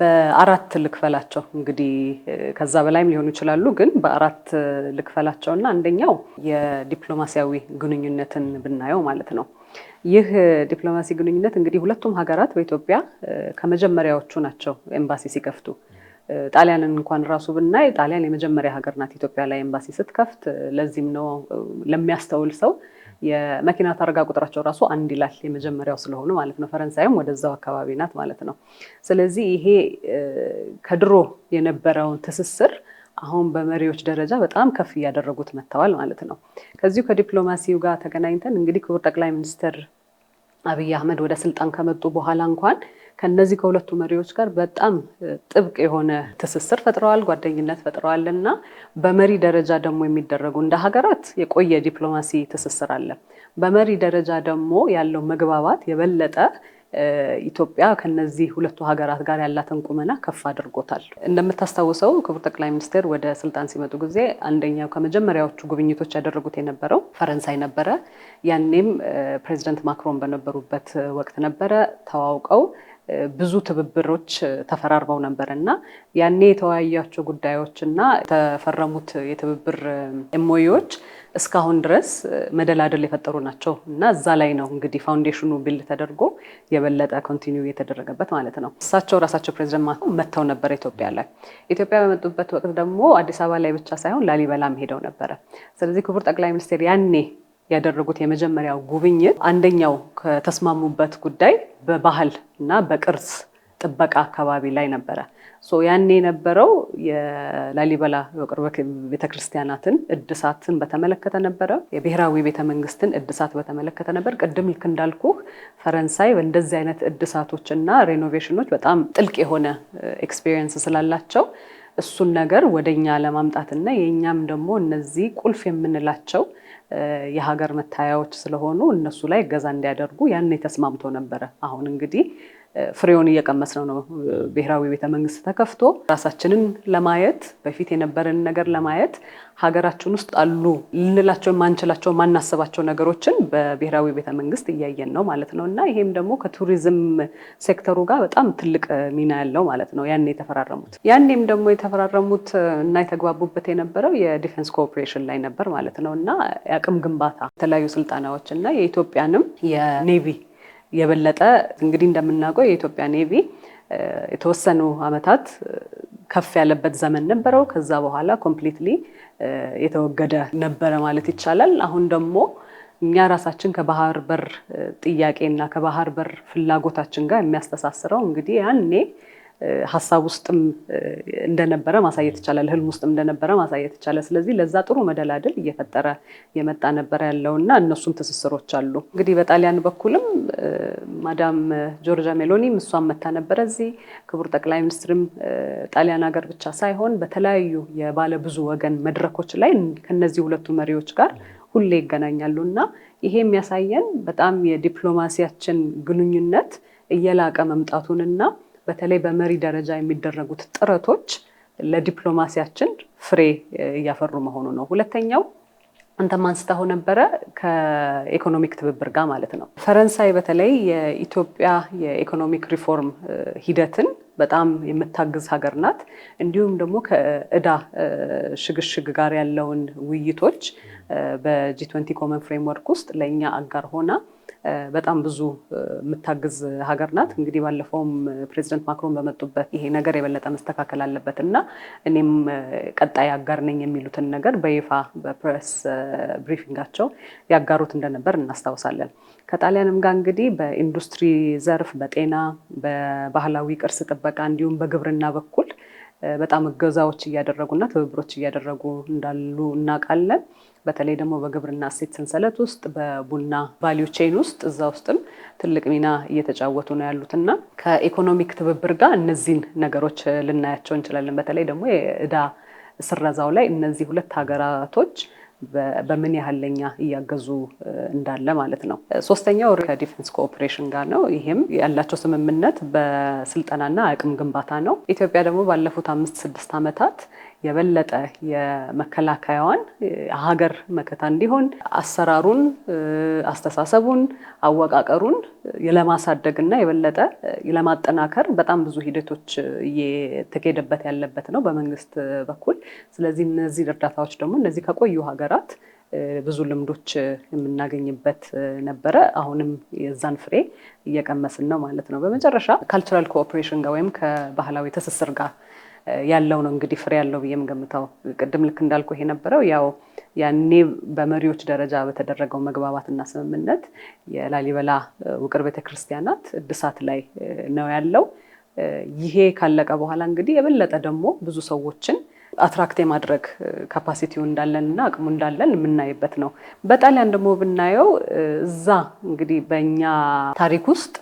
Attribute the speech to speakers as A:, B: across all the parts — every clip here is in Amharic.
A: በአራት ልክፈላቸው እንግዲህ ከዛ በላይም ሊሆኑ ይችላሉ፣ ግን በአራት ልክፈላቸው እና አንደኛው የዲፕሎማሲያዊ ግንኙነትን ብናየው ማለት ነው። ይህ ዲፕሎማሲ ግንኙነት እንግዲህ ሁለቱም ሀገራት በኢትዮጵያ ከመጀመሪያዎቹ ናቸው ኤምባሲ ሲከፍቱ። ጣሊያንን እንኳን ራሱ ብናይ ጣሊያን የመጀመሪያ ሀገር ናት ኢትዮጵያ ላይ ኤምባሲ ስትከፍት። ለዚህም ነው ለሚያስተውል ሰው የመኪና ታርጋ ቁጥራቸው ራሱ አንድ ይላል የመጀመሪያው ስለሆኑ ማለት ነው። ፈረንሳይም ወደዛው አካባቢ ናት ማለት ነው። ስለዚህ ይሄ ከድሮ የነበረውን ትስስር አሁን በመሪዎች ደረጃ በጣም ከፍ እያደረጉት መጥተዋል ማለት ነው። ከዚሁ ከዲፕሎማሲው ጋር ተገናኝተን እንግዲህ ክቡር ጠቅላይ ሚኒስትር አብይ አህመድ ወደ ስልጣን ከመጡ በኋላ እንኳን ከነዚህ ከሁለቱ መሪዎች ጋር በጣም ጥብቅ የሆነ ትስስር ፈጥረዋል፣ ጓደኝነት ፈጥረዋል እና በመሪ ደረጃ ደግሞ የሚደረጉ እንደ ሀገራት የቆየ ዲፕሎማሲ ትስስር አለ። በመሪ ደረጃ ደግሞ ያለው መግባባት የበለጠ ኢትዮጵያ ከነዚህ ሁለቱ ሀገራት ጋር ያላትን ቁመና ከፍ አድርጎታል። እንደምታስታውሰው ክቡር ጠቅላይ ሚኒስትር ወደ ስልጣን ሲመጡ ጊዜ አንደኛው ከመጀመሪያዎቹ ጉብኝቶች ያደረጉት የነበረው ፈረንሳይ ነበረ። ያኔም ፕሬዚደንት ማክሮን በነበሩበት ወቅት ነበረ ተዋውቀው ብዙ ትብብሮች ተፈራርበው ነበር እና ያኔ የተወያያቸው ጉዳዮች እና የተፈረሙት የትብብር ሞዎች እስካሁን ድረስ መደላደል የፈጠሩ ናቸው እና እዛ ላይ ነው እንግዲህ ፋውንዴሽኑ ቢል ተደርጎ የበለጠ ኮንቲኒው የተደረገበት ማለት ነው። እሳቸው ራሳቸው ፕሬዚደንት ማ መጥተው ነበረ ኢትዮጵያ ላይ። ኢትዮጵያ በመጡበት ወቅት ደግሞ አዲስ አበባ ላይ ብቻ ሳይሆን ላሊበላም ሄደው ነበረ። ስለዚህ ክቡር ጠቅላይ ሚኒስትር ያኔ ያደረጉት የመጀመሪያው ጉብኝት አንደኛው ከተስማሙበት ጉዳይ በባህል እና በቅርስ ጥበቃ አካባቢ ላይ ነበረ። ያኔ የነበረው የላሊበላ ውቅር ቤተክርስቲያናትን እድሳትን በተመለከተ ነበረ። የብሔራዊ ቤተመንግስትን እድሳት በተመለከተ ነበር። ቅድም ልክ እንዳልኩ ፈረንሳይ በእንደዚህ አይነት እድሳቶች እና ሬኖቬሽኖች በጣም ጥልቅ የሆነ ኤክስፔሪየንስ ስላላቸው እሱን ነገር ወደኛ ለማምጣትና የእኛም ደግሞ እነዚህ ቁልፍ የምንላቸው የሀገር መታያዎች ስለሆኑ እነሱ ላይ እገዛ እንዲያደርጉ ያኔ ተስማምቶ ነበረ። አሁን እንግዲህ ፍሬውን እየቀመስነው ነው። ብሔራዊ ቤተ መንግስት ተከፍቶ ራሳችንን ለማየት በፊት የነበረን ነገር ለማየት ሀገራችን ውስጥ አሉ ልንላቸው የማንችላቸው የማናስባቸው ነገሮችን በብሔራዊ ቤተ መንግስት እያየን ነው ማለት ነው እና ይሄም ደግሞ ከቱሪዝም ሴክተሩ ጋር በጣም ትልቅ ሚና ያለው ማለት ነው። ያኔ የተፈራረሙት ያኔም ደግሞ የተፈራረሙት እና የተግባቡበት የነበረው የዲፌንስ ኮኦፕሬሽን ላይ ነበር ማለት ነው እና የአቅም ግንባታ የተለያዩ ስልጠናዎች እና የኢትዮጵያንም የኔቪ የበለጠ እንግዲህ እንደምናውቀው የኢትዮጵያ ኔቪ የተወሰኑ ዓመታት ከፍ ያለበት ዘመን ነበረው። ከዛ በኋላ ኮምፕሊትሊ የተወገደ ነበረ ማለት ይቻላል። አሁን ደግሞ እኛ ራሳችን ከባህር በር እና ከባህር በር ፍላጎታችን ጋር የሚያስተሳስረው እንግዲህ ያኔ ሀሳብ ውስጥም እንደነበረ ማሳየት ይቻላል። ህልም ውስጥም እንደነበረ ማሳየት ይቻላል። ስለዚህ ለዛ ጥሩ መደላደል እየፈጠረ የመጣ ነበር ያለው እና እነሱም ትስስሮች አሉ። እንግዲህ በጣሊያን በኩልም ማዳም ጆርጃ ሜሎኒም እሷም መታ ነበረ እዚህ። ክቡር ጠቅላይ ሚኒስትርም ጣሊያን ሀገር ብቻ ሳይሆን በተለያዩ የባለ ብዙ ወገን መድረኮች ላይ ከነዚህ ሁለቱ መሪዎች ጋር ሁሌ ይገናኛሉ እና ይሄ የሚያሳየን በጣም የዲፕሎማሲያችን ግንኙነት እየላቀ መምጣቱንና በተለይ በመሪ ደረጃ የሚደረጉት ጥረቶች ለዲፕሎማሲያችን ፍሬ እያፈሩ መሆኑ ነው። ሁለተኛው አንተም አንስተኸው ነበረ ከኢኮኖሚክ ትብብር ጋር ማለት ነው። ፈረንሳይ በተለይ የኢትዮጵያ የኢኮኖሚክ ሪፎርም ሂደትን በጣም የምታግዝ ሀገር ናት። እንዲሁም ደግሞ ከእዳ ሽግሽግ ጋር ያለውን ውይይቶች በጂ20 ኮመን ፍሬምወርክ ውስጥ ለእኛ አጋር ሆና በጣም ብዙ የምታግዝ ሀገር ናት። እንግዲህ ባለፈውም ፕሬዚደንት ማክሮን በመጡበት ይሄ ነገር የበለጠ መስተካከል አለበት እና እኔም ቀጣይ አጋር ነኝ የሚሉትን ነገር በይፋ በፕሬስ ብሪፊንጋቸው ያጋሩት እንደነበር እናስታውሳለን። ከጣሊያንም ጋር እንግዲህ በኢንዱስትሪ ዘርፍ፣ በጤና፣ በባህላዊ ቅርስ ጥበቃ እንዲሁም በግብርና በኩል በጣም እገዛዎች እያደረጉና ትብብሮች እያደረጉ እንዳሉ እናውቃለን። በተለይ ደግሞ በግብርና እሴት ሰንሰለት ውስጥ በቡና ቫሊዩ ቼን ውስጥ እዛ ውስጥም ትልቅ ሚና እየተጫወቱ ነው ያሉትና ከኢኮኖሚክ ትብብር ጋር እነዚህን ነገሮች ልናያቸው እንችላለን። በተለይ ደግሞ የእዳ ስረዛው ላይ እነዚህ ሁለት ሀገራቶች በምን ያህል ለኛ እያገዙ እንዳለ ማለት ነው። ሶስተኛው ከዲፌንስ ኮኦፕሬሽን ጋር ነው። ይህም ያላቸው ስምምነት በስልጠናና አቅም ግንባታ ነው። ኢትዮጵያ ደግሞ ባለፉት አምስት ስድስት ዓመታት የበለጠ የመከላከያዋን ሀገር መከታ እንዲሆን አሰራሩን፣ አስተሳሰቡን፣ አወቃቀሩን ለማሳደግ እና የበለጠ ለማጠናከር በጣም ብዙ ሂደቶች እየተካሄደበት ያለበት ነው በመንግስት በኩል። ስለዚህ እነዚህ እርዳታዎች ደግሞ እነዚህ ከቆዩ ሀገር ሀገራት ብዙ ልምዶች የምናገኝበት ነበረ። አሁንም የዛን ፍሬ እየቀመስን ነው ማለት ነው። በመጨረሻ ካልቸራል ኮኦፕሬሽን ጋር ወይም ከባህላዊ ትስስር ጋር ያለው ነው እንግዲህ ፍሬ ያለው ብዬ የምገምተው ቅድም ልክ እንዳልኩ ይሄ ነበረው ያው ያኔ በመሪዎች ደረጃ በተደረገው መግባባትና ስምምነት የላሊበላ ውቅር ቤተክርስቲያናት እድሳት ላይ ነው ያለው። ይሄ ካለቀ በኋላ እንግዲህ የበለጠ ደግሞ ብዙ ሰዎችን አትራክት የማድረግ ካፓሲቲው እንዳለን እና አቅሙ እንዳለን የምናይበት ነው። በጣሊያን ደግሞ ብናየው እዛ እንግዲህ በእኛ ታሪክ ውስጥ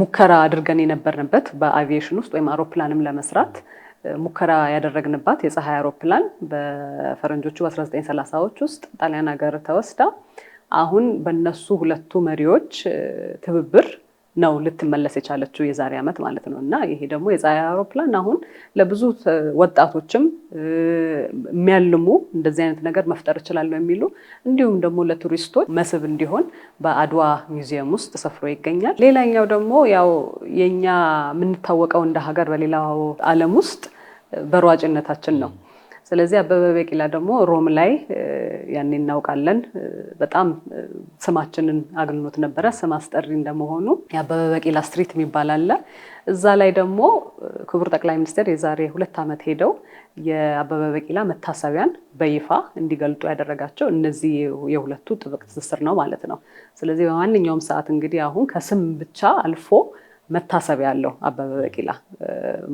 A: ሙከራ አድርገን የነበርንበት በአቪዬሽን ውስጥ ወይም አውሮፕላንም ለመስራት ሙከራ ያደረግንባት የፀሐይ አውሮፕላን በፈረንጆቹ በ1930ዎች ውስጥ ጣሊያን ሀገር ተወስዳ አሁን በነሱ ሁለቱ መሪዎች ትብብር ነው ልትመለስ የቻለችው የዛሬ ዓመት ማለት ነው። እና ይሄ ደግሞ የፀሐይ አውሮፕላን አሁን ለብዙ ወጣቶችም የሚያልሙ እንደዚህ አይነት ነገር መፍጠር እችላለሁ የሚሉ እንዲሁም ደግሞ ለቱሪስቶች መስህብ እንዲሆን በአድዋ ሚውዚየም ውስጥ ሰፍሮ ይገኛል። ሌላኛው ደግሞ ያው የኛ የምንታወቀው እንደ ሀገር በሌላው ዓለም ውስጥ በሯጭነታችን ነው። ስለዚህ አበበ ቢቂላ ደግሞ ሮም ላይ ያኔ እናውቃለን በጣም ስማችንን አግልሎት ነበረ። ስም አስጠሪ እንደመሆኑ የአበበ ቢቂላ ስትሪት የሚባል አለ። እዛ ላይ ደግሞ ክቡር ጠቅላይ ሚኒስትር የዛሬ ሁለት ዓመት ሄደው የአበበ ቢቂላ መታሰቢያን በይፋ እንዲገልጡ ያደረጋቸው እነዚህ የሁለቱ ጥብቅ ትስስር ነው ማለት ነው። ስለዚህ በማንኛውም ሰዓት እንግዲህ አሁን ከስም ብቻ አልፎ መታሰቢያ አለው አበበ ቢቂላ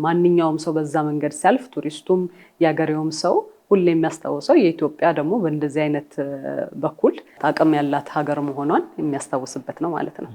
A: ማንኛውም ሰው በዛ መንገድ ሲያልፍ ቱሪስቱም የሀገሬውም ሰው ሁሌ የሚያስታውሰው የኢትዮጵያ ደግሞ በእንደዚህ አይነት በኩል አቅም ያላት ሀገር መሆኗን የሚያስታውስበት ነው ማለት ነው።